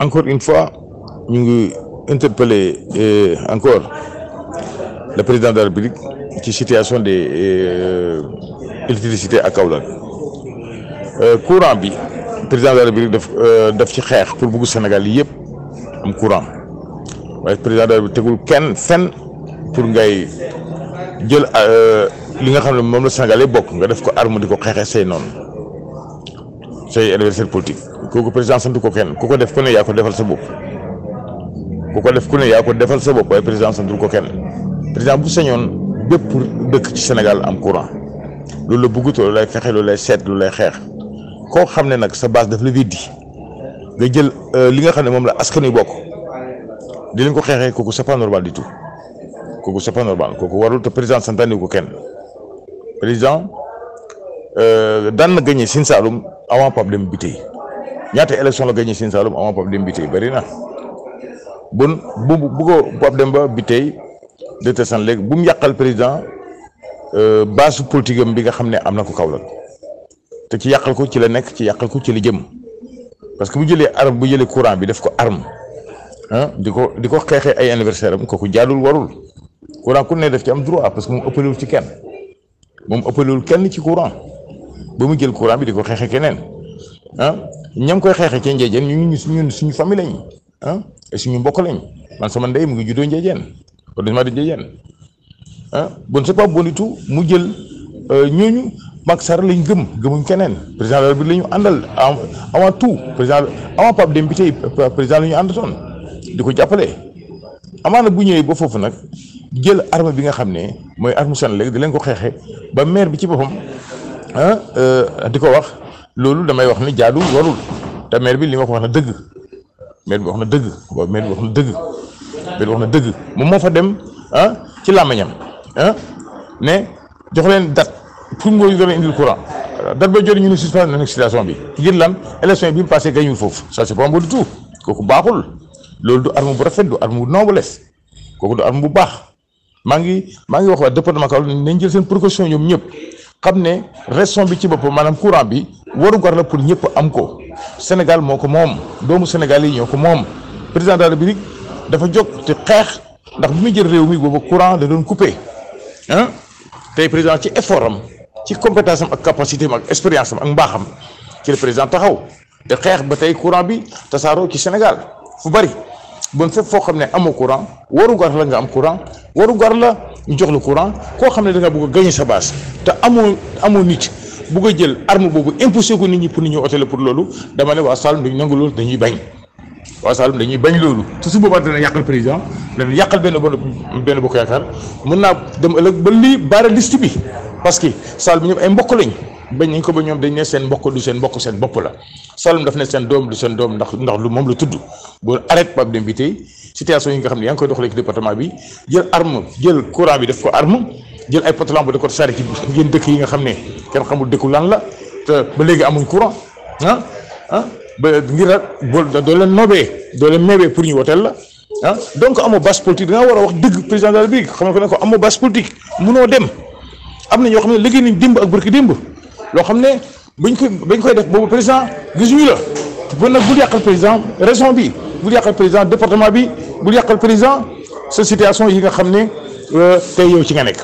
encore une fois nous avons interpellé euh, encore le président de la République sur la situation de l'électricité euh, à Kaolack euh, courant le président de la République a daf ci pour beaucoup Sénégal Sénégalais, yëpp courant Le président de la République a kenn fenn pour ngay la Sénégal say adversaire politique kooku président sant ko kenn ku ko def ku ne yaa ko defal sa bopp ku ko def ku ne yaa ko defal sa bopp waaye président santul ko kenn président bu sañoon bépp dëkk ci Sénégal am courant loolu la bëggut loolu lay fexe loolu lay seet xeex koo xam ne nag sa base daf la viddi nga jël euh, li nga xam ne moom la askan wi bokk di ko xeexee kooku c'est pas normal du tout kooku kooku warul te président santaani ko kenn président. Euh, daan na gagné Sine Saalum avant Pape Demba Bitèye ñaata élection la gagné Sine Saalum avant Pape Demba Bitèye bëri na bon bu bu ko Pape Demba Bitèye de tesan léegi bu mu yàqal président euh, base politique am bi nga xam ne am na ko Kaolack te ci yàqal ko ci la nekk ci yàqal ko ci la jëm parce que bu jëlee arme bu jëlee courant bi def ko arme ah di ko di ko xeexee ay anniversaire am ko jaadul warul courant ku ne def ci am droit parce que moom ëppalewul ci kenn moom ëppalewul kenn ci courant. ba mu jël courant bi di ko xeexee keneen ah ñam koy xeexee ci njeejeen ñu ñu suñu suñu famille lañ ah suñu mbokk lañ man sama ndey mu ngi juddoo njeejeen heureusement di njeejeen ah bon c'est pas bon du tout mu jël euh, ñooñu Macky Sall lañ gëm gëmuñ keneen président de la République la ñu àndal avant tout président avant Pape Demba Bitèye ñu àndatoon di ko jàppale amaana bu ñëwee ba foofu nag jël arme bi nga xam ne mooy arme Senelec di leen ko xeexee ba maire bi ci boppam Euh, di ko wax lolou damay wax ni jaadu warul ta mer bi lima ko wax na deug mer bi wax na deug boobu mer bi wax na deug maire bi wax na deug mo mo fa dem ah ci lamagnam ah ne jox len dat pour ngoy gëna indi courant dat ba jori ñu suspend nak situation bi ngir lan election bi mu passé gañu fofu ça c'est pas bon du tout koku baxul lolou du arme bu rafet du arme bu noblesse koku du arme bu bax mangi mangi wax wa département Kaolack nañ jël sen précaution ñom ñep xam ne raison bi ci boppam maanaam courant bi warugar la pour ñëpp am ko Sénégal moo ko moom doomu Sénégal yi ñoo ko moom président de la République dafa jóg te xeex ndax bi muy jël réew mi booba courant da doon coupé ah tey président ci effort am ci compétence ak capacité am ak expérience ak mbaaxam ci le président taxaw te xeex ba tey courant bi tasaaroo ci Sénégal fu bari bon fépp foo xam ne amoo courant warugar la nga am courant warugar la. ñu jox la courant koo xam ne da nga bëgg a gagné sa base te amoo amoo nit bugg a jël arme boobu imposé ko nit ñi pour nit ñi otelé pour loolu dama ne waa Saloum dañu nangu loolu dañuy bañ waa Saloum dañuy bañ loolu te su boobaa dana yàqal président dana yàqal benn benn bokk yaakaar mën naa dem ëllëg ba lii baara liste bi parce que Saloum ñëpp ay mbokk lañ. bañ ñu ko ba ñom dañ ne seen mbokk du seen mbokk seen bop la salum daf ne seen doom du seen doom ndax ndax lu mom la tuddu bu arrête Pape Demba tey situation yi nga xamni yang koy doxalee ci département bi jël arme jël courant bi def ko arme jël ay poteau lampe ko sari ci ngeen dëkk yi nga xam ne xamul dëkku lan la te ba légui amuñ courant ah ah ba ngir da do len nobé do len mébé pour ñu woteel la ah donc amu basse politique da nga war wax dëgg président de la république xam nga ko amu basse politique mëno dem amna ñoo xam liggéey dimb ak barki dimb loo xam ne buñ koy bañ koy def boobu président gisuñu la bon nag bul yàqal président région bi bul yàqal président département bi bul yàqal président sa situation yi nga xam ne tey yow ci nga nekk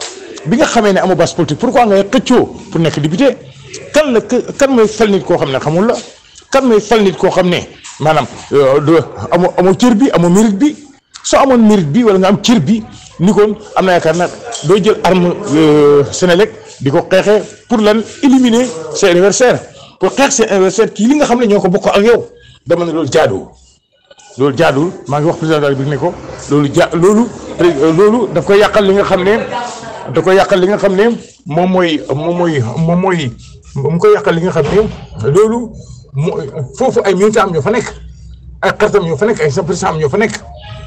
bi nga xamee ne amu base politique pourquoi ngay xëccoo pour nekk député kan la kan mooy fal nit koo xam ne xamul la kan mooy fal nit koo xam ne maanaam amoo amoo cër bi amoo mérite bi soo amoon mérite bi wala nga am cër bi ni kon am na yaakaar nag doo jël arme Sénélec di ko xeexee pour lan éliminer ses adversaires pour xeex ses adversaires kii li nga xam ne ñoo ko bokk ak yow dama ne loolu jaaduwul loolu maa ngi wax président de ne ko loolu ja loolu daf koy yàqal li nga xam ne da koy yàqal li nga xam ne moom mooy moom mooy moom mooy mu koy yàqal li nga xam ne loolu foofu ay militants am ñoo fa nekk ay xaritam ñoo fa nekk ay sympathisants am ñoo fa nekk.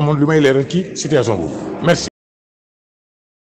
mon laa il est requis, requis. à situation goût. merci